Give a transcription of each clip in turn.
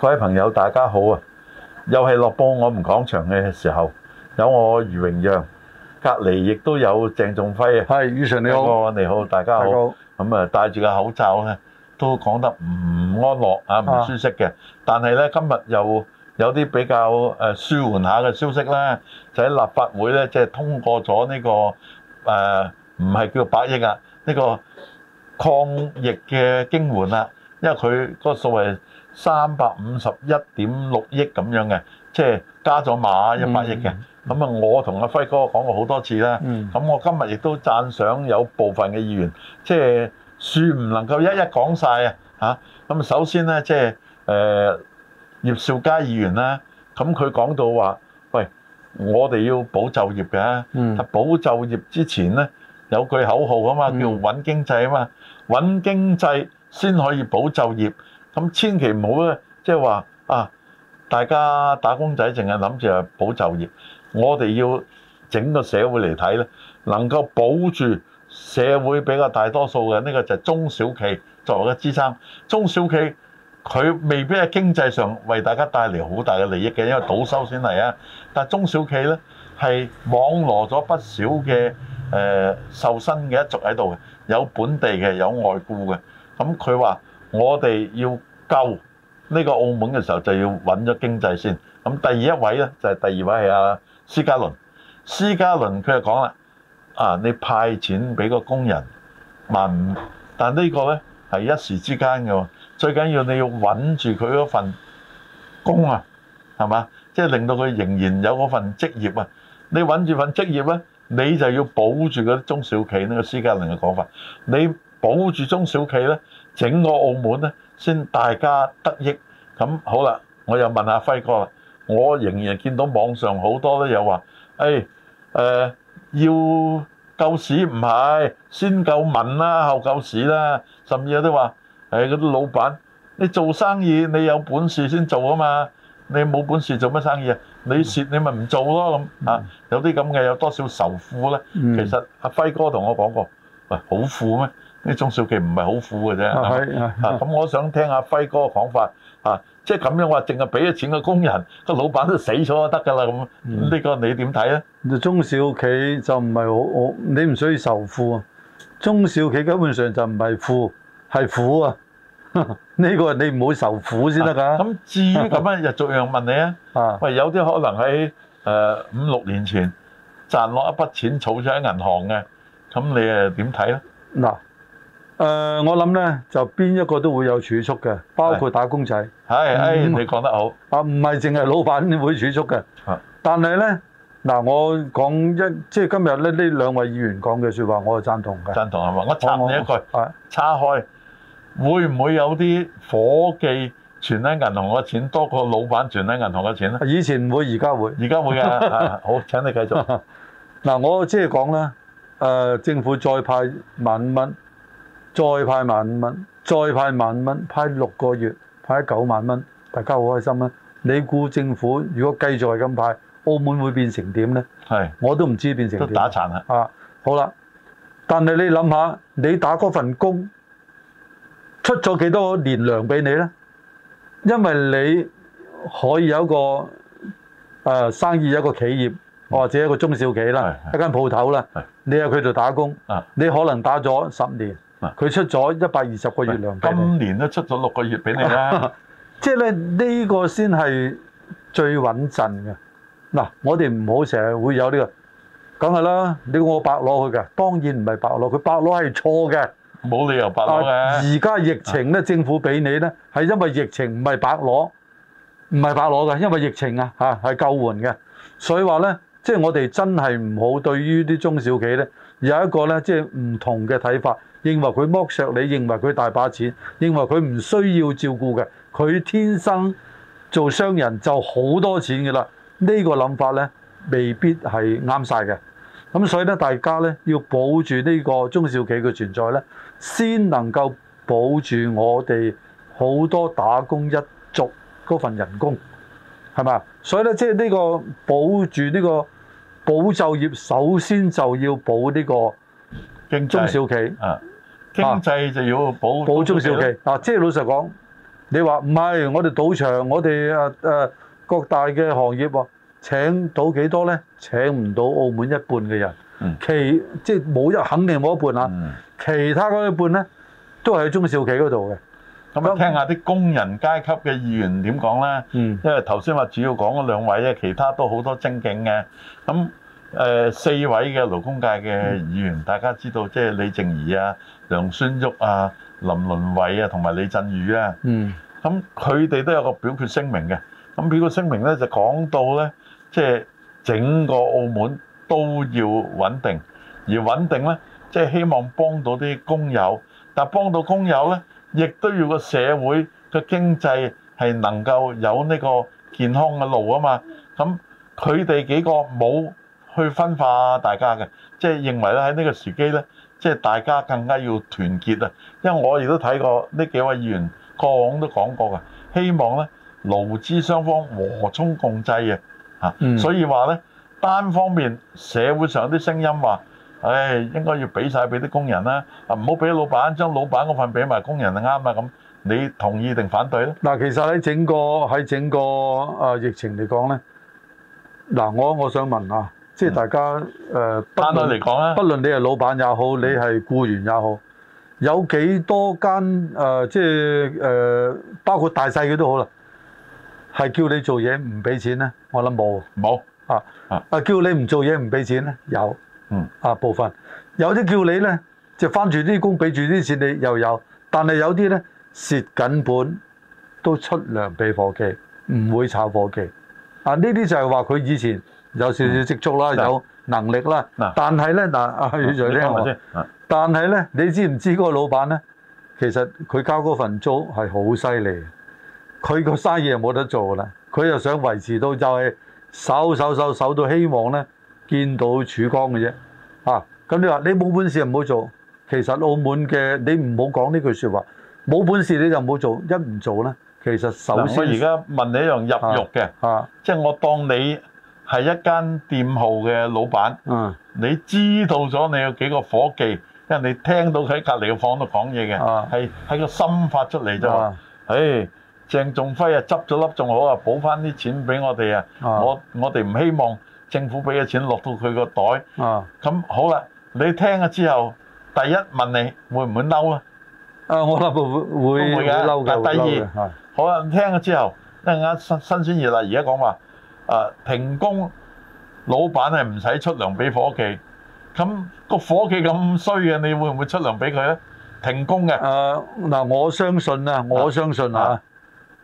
各位朋友，大家好啊！又係樂報我們講場嘅時候，有我余榮讓，隔離亦都有鄭仲輝啊！係，余 Sir，你好，你好，大家好。咁啊、嗯，戴住個口罩咧，都講得唔安樂啊，唔舒適嘅。但係咧，今日又有啲比較誒舒緩下嘅消息啦，就喺立法會咧，即係通過咗呢、呢個誒，唔、呃、係叫做百億啊，呢、呢個抗疫嘅經援啊，因為佢嗰個數係三百五十一點六億咁樣嘅，即係加咗碼一百億嘅。嗯，咁啊，我同阿輝哥講過好多次啦。嗯，咁我今日亦都讚賞有部分嘅議員，即係數唔能夠一一講晒。啊嚇。咁首先咧，即係誒葉少佳議員咧，咁佢講到話，喂，我哋要保就業嘅。嗯，保就業之前咧，有句口號啊嘛，叫穩經濟啊嘛，穩經濟先可以保就業。咁千祈唔好咧，即係話啊！大家打工仔淨係諗住係保就業，我哋要整個社會嚟睇咧，能夠保住社會比較大多數嘅呢個就係中小企作為嘅支撐。中小企佢未必係經濟上為大家帶嚟好大嘅利益嘅，因為倒收先嚟啊。但中小企咧係網羅咗不少嘅誒、呃、受薪嘅一族喺度嘅，有本地嘅，有外僱嘅。咁佢話。我哋要救呢個澳門嘅時候，就要穩咗經濟先。咁第二一位咧，就係第二位係阿施嘉倫。施嘉倫佢就講啦，啊，你派錢俾個工人萬，但呢個咧係一時之間嘅。最緊要你要穩住佢嗰份工啊，係嘛？即係令到佢仍然有嗰份職業啊。你穩住份職業咧，你就要保住嗰啲中小企。呢個施嘉倫嘅講法，你保住中小企咧。整個澳門咧，先大家得益。咁好啦，我又問下輝哥啦。我仍然見到網上好多都有話，誒、哎、誒、呃，要救市唔係，先救民啦、啊，後救市啦、啊。甚至有啲話，誒嗰啲老闆，你做生意你有本事先做啊嘛，你冇本事做乜生意啊？你蝕你咪唔做咯咁啊。有啲咁嘅有多少仇富咧、嗯。其實阿輝哥同我講過，喂、哎，好富咩？啲中小企唔係好苦嘅啫，是是是是啊咁我想聽阿輝哥嘅講法，啊即係咁樣話，淨係俾咗錢嘅工人，個老闆都死咗得㗎啦咁，呢、啊、個你點睇啊？中小企就唔係好，我你唔需要仇富啊！中小企根本上就唔係富，係苦啊！呢、這個你唔好仇富先得㗎。咁、啊、至於咁樣，就逐樣問你啊？喂，有啲可能喺誒五六年前賺落一筆錢，儲咗喺銀行嘅，咁你誒點睇咧？嗱。誒、呃，我諗咧就邊一個都會有儲蓄嘅，包括打工仔。係係、嗯，你講得好。啊，唔係淨係老闆會儲蓄嘅。但係咧嗱，我講一即係今日咧，呢兩位議員講嘅説話，我係贊同嘅。贊同係嘛？我插你一句。係、哦，叉開，會唔會有啲伙計存喺銀行嘅錢多過老闆存喺銀行嘅錢咧？以前唔會，而家會。而家會嘅、 啊。好，請你繼續。嗱，我即係講咧，誒、呃，政府再派萬蚊。再派萬五蚊，再派萬五蚊，派六個月，派九萬蚊，大家好開心啊！你估政府如果繼續係咁派，澳門會變成點呢？係，我都唔知變成點。都打殘啦！啊，好啦，但係你諗下，你打嗰份工，出咗幾多年糧俾你呢？因為你可以有一個、呃、生意，一個企業，或者一個中小企啦，一間鋪頭啦，你喺佢度打工，你可能打咗十年。佢出咗一百二十個月糧，今年都出咗六個月俾你啦。即係咧呢個先係最穩陣嘅。嗱、啊，我哋唔好成日會有呢、呢個，梗係啦，你我白攞佢嘅，當然唔係白攞，佢白攞係錯嘅，冇理由白攞嘅。而、啊、家疫情咧，政府俾你咧，係因為疫情唔係白攞，唔係白攞嘅，因為疫情啊嚇係救援嘅，所以話咧，即、就、係、係、我哋真係唔好對於啲中小企咧。有一個咧，即係唔同嘅睇法，認為佢剝削你，認為佢大把錢，認為佢唔需要照顧嘅，佢天生做商人就好多錢嘅啦。呢個、呢個諗法咧，未必係啱晒嘅。咁所以咧，大家咧要保住呢個中小企嘅存在咧，先能夠保住我哋好多打工一族嗰份人工，係嘛？所以咧，即係呢個保住呢、呢個。保就業首先就要保呢個中小企，經濟、啊、經濟就要保保中小企。嗱、啊，即係老實講，你話唔係我哋賭場，我哋誒誒各大嘅行業喎，請到幾多咧？請唔到澳門一半嘅人，嗯、其即係冇一肯定冇一半啦、啊嗯。其他嗰一半咧，都係喺中小企嗰度嘅。咁聽下啲工人階級嘅議員點講咧？嗯。因為頭先話主要講嗰兩位咧，其他都好多精警嘅。咁誒四位嘅勞工界嘅議員，大家知道即係李靜儀啊、梁孫旭啊、林倫偉啊同埋李振宇啊。嗯。咁佢哋都有個表決聲明嘅。咁表決聲明咧就講到咧，即係整個澳門都要穩定，而穩定咧即係希望幫到啲工友，但係幫到工友咧，亦都要個社會嘅經濟係能夠有呢個健康嘅路啊嘛，咁佢哋幾個冇去分化大家嘅，即係認為咧喺呢個時機咧，即係大家更加要團結啊！因為我亦都睇過呢幾位議員過往都講過啊，希望咧勞資雙方和衷共濟啊吓、嗯。所以話咧單方面社會上啲聲音話，誒應該要俾曬俾啲工人啦，啊唔好俾老闆將老闆嗰份俾埋工人就啱啊。咁你同意定反對咧？嗱，其實喺整個喺整個啊疫情嚟講咧，嗱我我想問啊，即係大家誒，單單嚟講咧，不論你係老闆也好，你係僱員也好，有幾多間誒即係誒包括大細嘅都好啦，係叫你做嘢唔俾錢咧？我諗冇冇啊啊！叫你唔做嘢唔俾錢咧，有。嗯，啊部分有啲叫你咧，就翻住啲工，俾住啲錢你又有，但係有啲咧蝕緊本，都出糧俾伙記，唔會炒伙記。啊呢啲就係話佢以前有少少積蓄啦、嗯，有能力啦。嗯、但係咧嗱，阿 Sir 但係咧、嗯嗯嗯，你知唔知嗰個老闆咧？其實佢交嗰份租係好犀利，佢個生意又冇得做啦，佢又想維持到就係守守，守守守守到希望咧。見到曙光嘅啫，嚇！咁你話你冇本事就唔好做。其實澳門嘅你唔好講呢句説話，冇本事你就唔好做。一唔做咧，其實首先我而家問你一樣入獄嘅，即係我當你係一間店號嘅老闆，你知道咗你有幾個夥計，因為你聽到佢喺隔離嘅房度講嘢嘅，係喺個心發出嚟就話，誒，鄭仲輝啊執咗粒仲好啊，補翻啲錢俾我哋啊！我我哋唔希望。政府俾嘅錢落到佢個袋，咁好啦。你聽咗之後，第一問你會唔會嬲咧？啊，我諗會會嘅。但第二，好啦，聽咗之後，啲人啱新新鮮熱辣，而家講話，啊停工，老闆係唔使出糧俾伙計，咁個伙計咁衰嘅，你會唔會出糧俾佢咧？停工嘅。啊，嗱，我相信啦，我相信啊，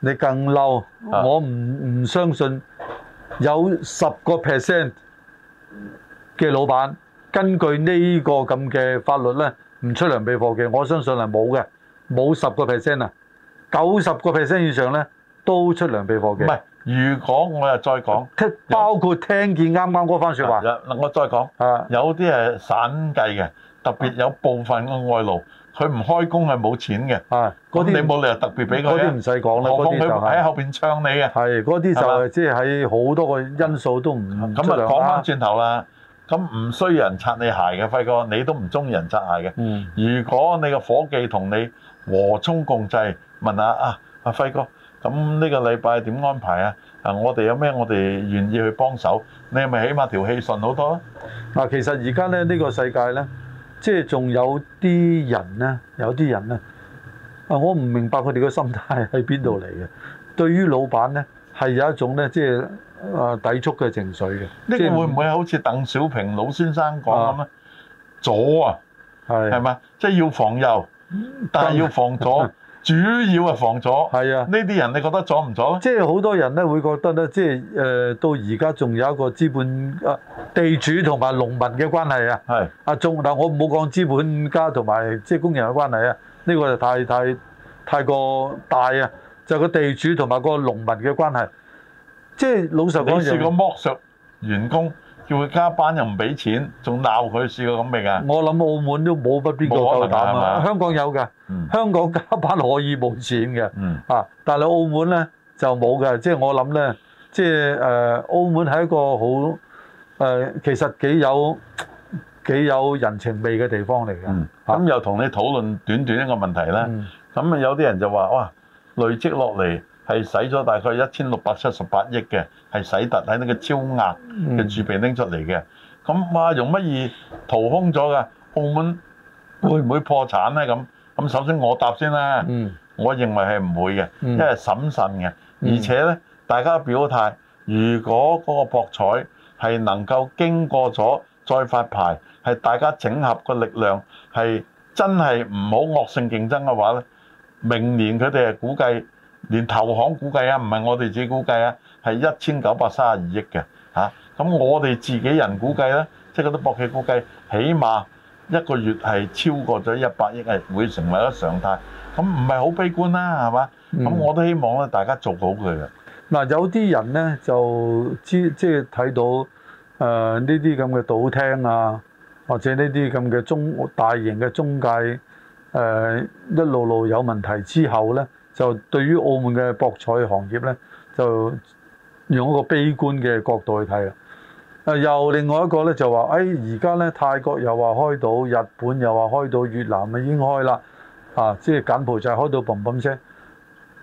你更嬲，我唔唔相信。有十個 percent 嘅老闆根據呢個咁嘅法律咧，唔出糧備貨嘅，我相信係冇嘅，冇十個 percent 啊，九十個 percent 以上咧都出糧備貨嘅。唔係，如果我又再講，包括聽見啱啱嗰番説話，我再講，有啲係散計嘅。特別有部分嘅外勞，佢唔開工係冇錢嘅。啊，嗰啲你冇理由特別俾佢。嗰啲唔使講啦。嗰啲就係喺後邊唱你嘅。係，嗰啲就係即係喺好多個因素都唔出糧啦。咁啊，講翻轉頭啦，咁唔需要人擦你鞋嘅，輝哥，你都唔中意人擦鞋嘅。嗯。如果你個夥計同你和衷共濟，問下啊，阿輝哥，咁呢個禮拜點安排啊？啊，我哋有咩我哋願意去幫手，你係咪起碼條氣順好多？嗱，其實而家咧呢個世界咧。即係仲有啲人咧，有啲人咧，啊！我唔明白佢哋個心態係邊度嚟嘅。對於老闆咧，係有一種咧，即係啊抵觸嘅情緒嘅。呢個會唔會好似鄧小平老先生講咁咧？左啊，係係嘛，即係要防右，但係要防左。 主要係防阻，係啊，呢啲人你覺得阻唔阻？即係好多人咧會覺得咧，即係誒到而家仲有一個資本啊地主同埋農民嘅關係啊。係，阿仲，但我唔好講資本家同埋即係工人嘅關係啊。呢、這個就太太太過大啊，就個、是、地主同埋個農民嘅關係。即、就、係、是、老實講，你係個剝削員工。叫佢加班又唔俾錢，仲鬧佢，試過咁未㗎？我諗澳門都冇乜邊個夠膽啊！香港有㗎，嗯、香港加班可以冇錢嘅，啊、嗯！但係澳門咧就冇嘅，即係我諗咧，即係誒澳門係一個好誒、呃，其實幾有幾有人情味嘅地方嚟嘅。咁、嗯、又同你討論短短一個問題咧，咁、嗯、啊有啲人就話哇累積落嚟。係使咗大概一千六百七十八億嘅，係使突喺呢個超額嘅儲備拎出嚟嘅。咁哇，容乜易掏空咗㗎？澳門會唔會破產咧？咁咁，首先我答先啦。嗯，我認為係唔會嘅，因為審慎嘅，而且咧大家表態，如果嗰個博彩係能夠經過咗再發牌，係大家整合個力量，係真係唔好惡性競爭嘅話咧，明年佢哋係估計。連投行估計啊，唔係我哋自己估計啊，係一千九百三十二億嘅嚇。咁、啊、我哋自己人估計咧，即係嗰啲博企估計，起碼一個月係超過咗一百億嘅，會成為一個常態。咁唔係好悲觀啦，啊，係嘛？咁我都希望咧，大家做好佢。嗱、嗯嗯，有啲人咧就知即係睇到誒呢啲咁嘅賭廳啊，或者呢啲咁嘅中大型嘅中介誒、呃、一路路有問題之後咧，就對於澳門嘅博彩行業咧，就用一個悲觀嘅角度去睇啦。啊，又另外一個咧就話，誒而家咧泰國又話開到，日本又話開到，越南咪已經開啦。啊，即係柬埔寨係開到嘭嘭聲，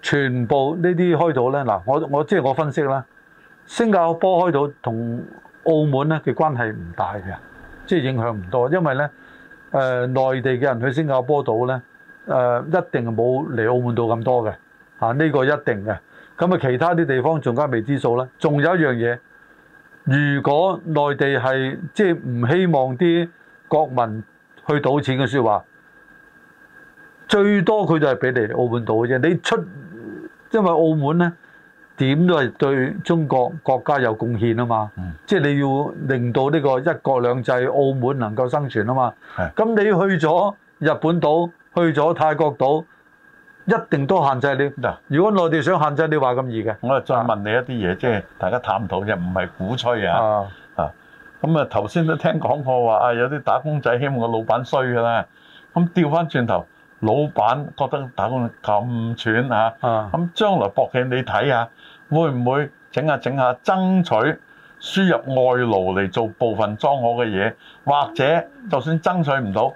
全部呢啲開到咧嗱，我我即係我分析啦，新加坡開到同澳門咧嘅關係唔大嘅，即係影響唔多，因為咧誒內地嘅人去新加坡島咧。誒一定冇嚟澳門賭咁多嘅，嚇呢個一定嘅。咁啊，其他啲地方仲加未知數啦。仲有一樣嘢，如果內地係即係唔希望啲國民去賭錢嘅說話，最多佢就係俾嚟澳門賭嘅啫。你出，因為澳門咧點都係對中國國家有貢獻啊嘛，即係你要令到呢個一國兩制澳門能夠生存啊嘛。咁你去咗日本島？去咗泰國島，一定都限制你嗱。如果內地想限制你，話咁易嘅，我就再問你一啲嘢，即係大家探討啫，唔係鼓吹啊。啊，咁啊，頭先都聽講過話，啊有啲打工仔希望個老闆衰㗎啦。咁調翻轉頭，老闆覺得打工咁串呀。咁、啊啊、將來博起你睇下，會唔會整下整下爭取輸入外勞嚟做部分裝可嘅嘢，或者就算爭取唔到。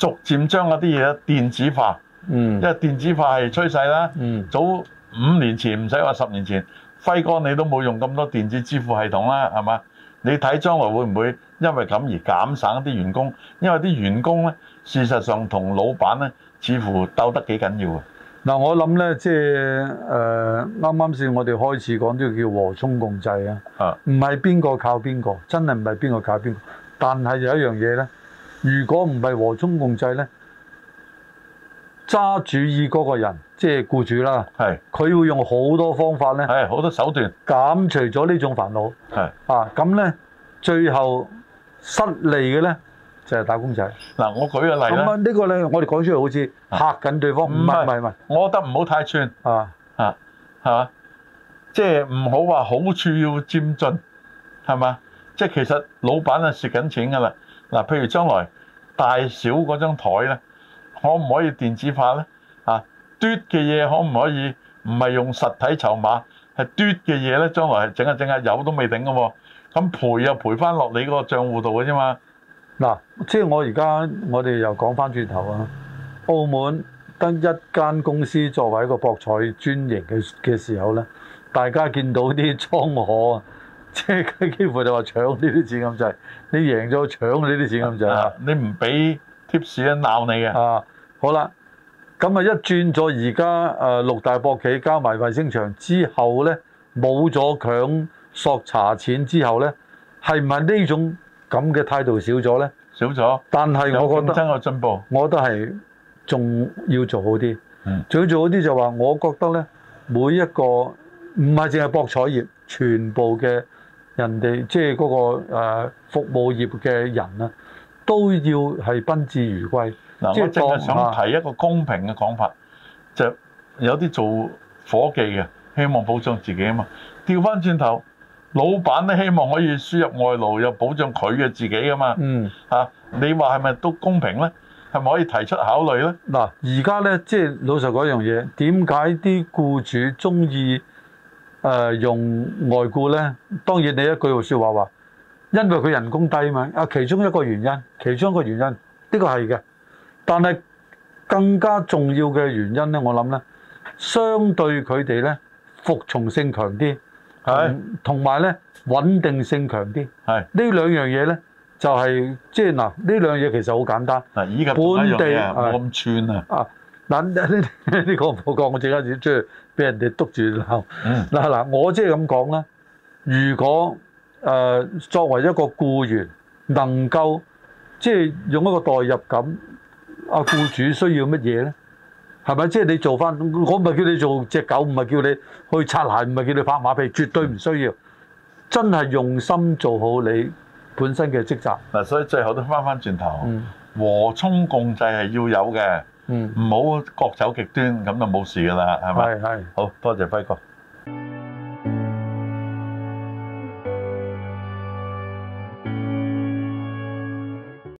逐漸將嗰啲嘢電子化，嗯，因為電子化係趨勢啦。嗯，早五年前唔使話十年前，輝哥你都冇用咁多電子支付系統啦，係嘛？你睇將來會唔會因為咁而減省啲員工？因為啲員工咧，事實上同老闆咧，似乎鬥得幾緊要嘅。嗱，嗯，我諗咧，即係誒啱啱先我哋開始講呢個叫和衷共濟啊，啊，唔係邊個靠邊個，真係唔係邊個靠邊個。但係有一樣嘢咧。如果唔係和中共濟咧，揸主意嗰個人即係雇主啦，係佢會用好多方法咧，係好多手段減除咗呢種煩惱，係啊咁咧，最後失利嘅咧就係、是、打工仔。嗱，我舉個例啦。咁啊，呢個咧，我哋講出嚟好似嚇緊對方。唔係唔係，我覺得唔好太串，啊啊，係嘛？即係唔好話好處要佔盡，係嘛？即、就、係、是、其實老闆啊蝕緊錢噶啦。嗱，譬如將來大小嗰張台咧，可唔可以電子化咧？嚇，嘟嘅嘢可唔可以唔係用實體籌碼，係嘟嘅嘢咧？將來係整下整下，有都未定噶喎。咁賠又賠翻落你嗰個賬戶度嘅啫嘛。嗱，啊，即係我而家我哋又講翻轉頭啊，澳門得一間公司作為一個博彩專營嘅嘅時候咧，大家見到啲滄海。即係佢幾乎就話搶呢啲錢咁滯，你贏咗搶呢啲錢咁滯， 你唔俾貼士啊，鬧你嘅。啊，好啦，咁啊一轉咗而家六大博企加埋衛星場之後咧，冇咗強索查錢之後咧，係唔係呢種咁嘅態度少咗咧？少咗。但係我覺得有競進步，我都係仲要做好啲。嗯。仲要做好啲就話，我覺得咧，每一個唔係淨係博彩業，全部嘅。人哋即係嗰個服務業嘅人啊，都要係賓至如歸。嗱、啊即係，我淨係想提一個公平嘅講法，啊、就是、有啲做伙計嘅希望保障自己啊嘛。調翻轉頭，老闆都希望可以輸入外勞，又保障佢嘅自己啊嘛。嗯，嚇、啊，你話係咪都公平咧？係咪可以提出考慮咧？嗱、啊，而家咧即係老實講一樣嘢，點解啲僱主中意？誒、呃、用外僱咧，當然你一句好説話話，因為佢人工低嘛。啊，其中一個原因，其中一個原因，呢、這個係嘅。但係更加重要嘅原因咧，我諗咧，相對佢哋咧，服從性強啲，係，同埋咧穩定性強啲，係。這兩樣東西呢兩樣嘢咧，就係、是、即係嗱，呢兩樣嘢其實好簡單，這個、一本地咁串啊，啊，嗱，呢個我講，我即刻要出去。俾人哋督住鬧嗱嗱，我即係咁講啦。如果誒作為一個僱員，能夠即係用一個代入感，啊，僱主需要乜嘢咧？係咪即係你做翻？我唔係叫你做隻狗，唔係叫你去擦鞋，唔係叫你拍馬屁，絕對唔需要。真係用心做好你本身嘅職責嗱，所以最後都翻翻轉頭，和衷共濟係要有嘅。嗯，唔好各走極端，咁就冇事㗎啦，係咪？係，係，好多謝輝哥。